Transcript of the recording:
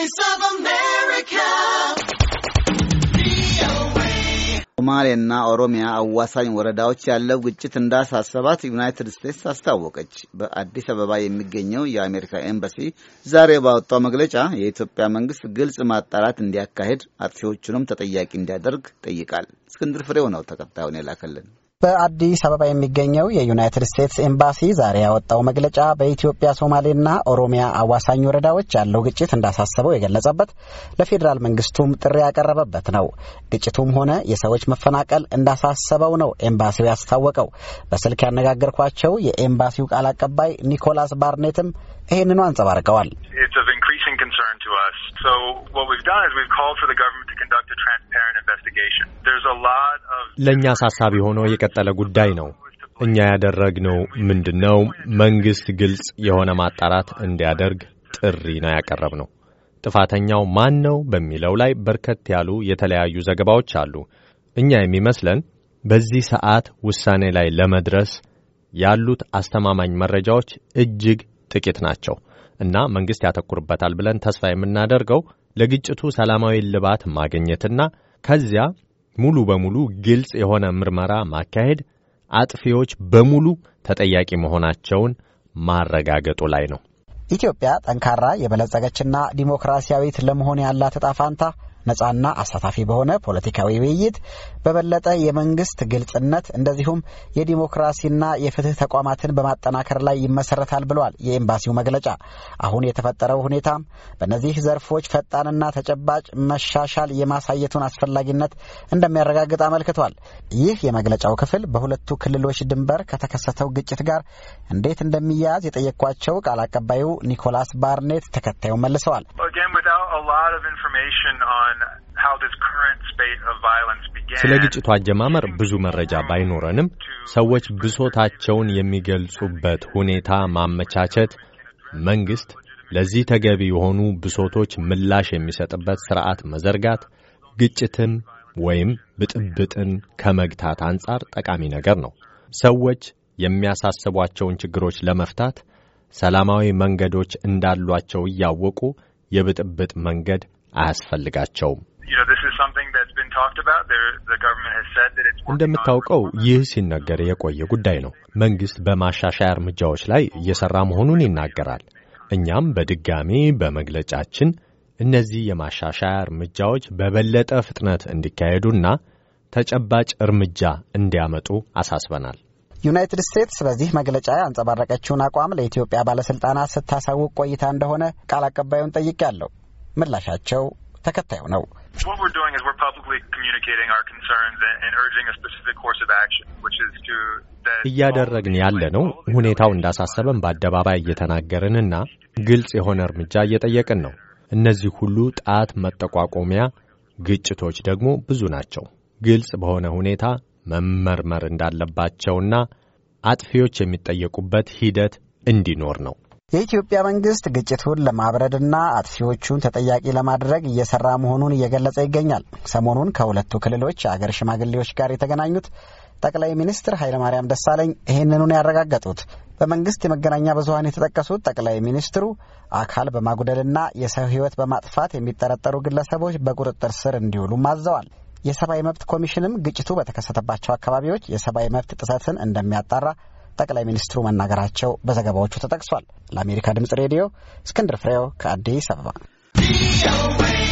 Voice of America. ሶማሌና ኦሮሚያ አዋሳኝ ወረዳዎች ያለው ግጭት እንዳሳሰባት ዩናይትድ ስቴትስ አስታወቀች። በአዲስ አበባ የሚገኘው የአሜሪካ ኤምባሲ ዛሬ ባወጣው መግለጫ የኢትዮጵያ መንግስት ግልጽ ማጣራት እንዲያካሄድ አጥፊዎቹንም ተጠያቂ እንዲያደርግ ጠይቃል። እስክንድር ፍሬው ነው ተከታዩን የላከልን። በአዲስ አበባ የሚገኘው የዩናይትድ ስቴትስ ኤምባሲ ዛሬ ያወጣው መግለጫ በኢትዮጵያ ሶማሌና ኦሮሚያ አዋሳኝ ወረዳዎች ያለው ግጭት እንዳሳሰበው የገለጸበት ለፌዴራል መንግስቱም ጥሪ ያቀረበበት ነው። ግጭቱም ሆነ የሰዎች መፈናቀል እንዳሳሰበው ነው ኤምባሲው ያስታወቀው። በስልክ ያነጋገርኳቸው የኤምባሲው ቃል አቀባይ ኒኮላስ ባርኔትም ይህንኑ አንጸባርቀዋል። to us. So what we've done is we've called for the government to conduct a transparent investigation. There's a lot of ለእኛ አሳሳቢ ሆኖ የቀጠለ ጉዳይ ነው። እኛ ያደረግነው ምንድን ነው? መንግስት ግልጽ የሆነ ማጣራት እንዲያደርግ ጥሪ ነው ያቀረብነው። ጥፋተኛው ማን ነው በሚለው ላይ በርከት ያሉ የተለያዩ ዘገባዎች አሉ። እኛ የሚመስለን በዚህ ሰዓት ውሳኔ ላይ ለመድረስ ያሉት አስተማማኝ መረጃዎች እጅግ ጥቂት ናቸው። እና መንግሥት ያተኩርበታል ብለን ተስፋ የምናደርገው ለግጭቱ ሰላማዊ ልባት ማግኘትና ከዚያ ሙሉ በሙሉ ግልጽ የሆነ ምርመራ ማካሄድ፣ አጥፊዎች በሙሉ ተጠያቂ መሆናቸውን ማረጋገጡ ላይ ነው። ኢትዮጵያ ጠንካራ የበለጸገችና ዲሞክራሲያዊት ለመሆን ያላት እጣ ፋንታ ነጻና አሳታፊ በሆነ ፖለቲካዊ ውይይት በበለጠ የመንግስት ግልጽነት እንደዚሁም የዲሞክራሲና የፍትህ ተቋማትን በማጠናከር ላይ ይመሰረታል ብሏል የኤምባሲው መግለጫ። አሁን የተፈጠረው ሁኔታም በእነዚህ ዘርፎች ፈጣንና ተጨባጭ መሻሻል የማሳየቱን አስፈላጊነት እንደሚያረጋግጥ አመልክቷል። ይህ የመግለጫው ክፍል በሁለቱ ክልሎች ድንበር ከተከሰተው ግጭት ጋር እንዴት እንደሚያያዝ የጠየኳቸው ቃል አቀባዩ ኒኮላስ ባርኔት ተከታዩን መልሰዋል። ስለ ግጭቱ አጀማመር ብዙ መረጃ ባይኖረንም ሰዎች ብሶታቸውን የሚገልጹበት ሁኔታ ማመቻቸት፣ መንግሥት ለዚህ ተገቢ የሆኑ ብሶቶች ምላሽ የሚሰጥበት ሥርዓት መዘርጋት ግጭትን ወይም ብጥብጥን ከመግታት አንጻር ጠቃሚ ነገር ነው። ሰዎች የሚያሳስቧቸውን ችግሮች ለመፍታት ሰላማዊ መንገዶች እንዳሏቸው እያወቁ የብጥብጥ መንገድ አያስፈልጋቸውም። እንደምታውቀው ይህ ሲነገር የቆየ ጉዳይ ነው። መንግሥት በማሻሻያ እርምጃዎች ላይ እየሠራ መሆኑን ይናገራል። እኛም በድጋሜ በመግለጫችን እነዚህ የማሻሻያ እርምጃዎች በበለጠ ፍጥነት እንዲካሄዱና ተጨባጭ እርምጃ እንዲያመጡ አሳስበናል። ዩናይትድ ስቴትስ በዚህ መግለጫ ያንጸባረቀችውን አቋም ለኢትዮጵያ ባለስልጣናት ስታሳውቅ ቆይታ እንደሆነ ቃል አቀባዩን ጠይቄያለሁ። ምላሻቸው ተከታዩ ነው። እያደረግን ነው። ሁኔታው እንዳሳሰበን በአደባባይ እየተናገርንና ግልጽ የሆነ እርምጃ እየጠየቅን ነው። እነዚህ ሁሉ ጣት መጠቋቆሚያ ግጭቶች ደግሞ ብዙ ናቸው። ግልጽ በሆነ ሁኔታ መመርመር እንዳለባቸውና አጥፊዎች የሚጠየቁበት ሂደት እንዲኖር ነው። የኢትዮጵያ መንግስት ግጭቱን ለማብረድና አጥፊዎቹን ተጠያቂ ለማድረግ እየሰራ መሆኑን እየገለጸ ይገኛል። ሰሞኑን ከሁለቱ ክልሎች የአገር ሽማግሌዎች ጋር የተገናኙት ጠቅላይ ሚኒስትር ኃይለማርያም ደሳለኝ ይህንኑን ያረጋገጡት በመንግስት የመገናኛ ብዙኃን የተጠቀሱት ጠቅላይ ሚኒስትሩ አካል በማጉደልና የሰው ሕይወት በማጥፋት የሚጠረጠሩ ግለሰቦች በቁጥጥር ስር እንዲውሉ አዘዋል። የሰብአዊ መብት ኮሚሽንም ግጭቱ በተከሰተባቸው አካባቢዎች የሰብአዊ መብት ጥሰትን እንደሚያጣራ ጠቅላይ ሚኒስትሩ መናገራቸው በዘገባዎቹ ተጠቅሷል። ለአሜሪካ ድምጽ ሬዲዮ እስክንድር ፍሬው ከአዲስ አበባ